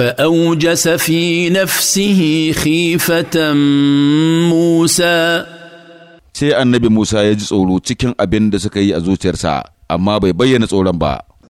فاوجس في نفسه خيفه موسى sai annabi Musa ya ji tsoro cikin abin da suka yi a zuciyarsa amma bai bayyana tsoron ba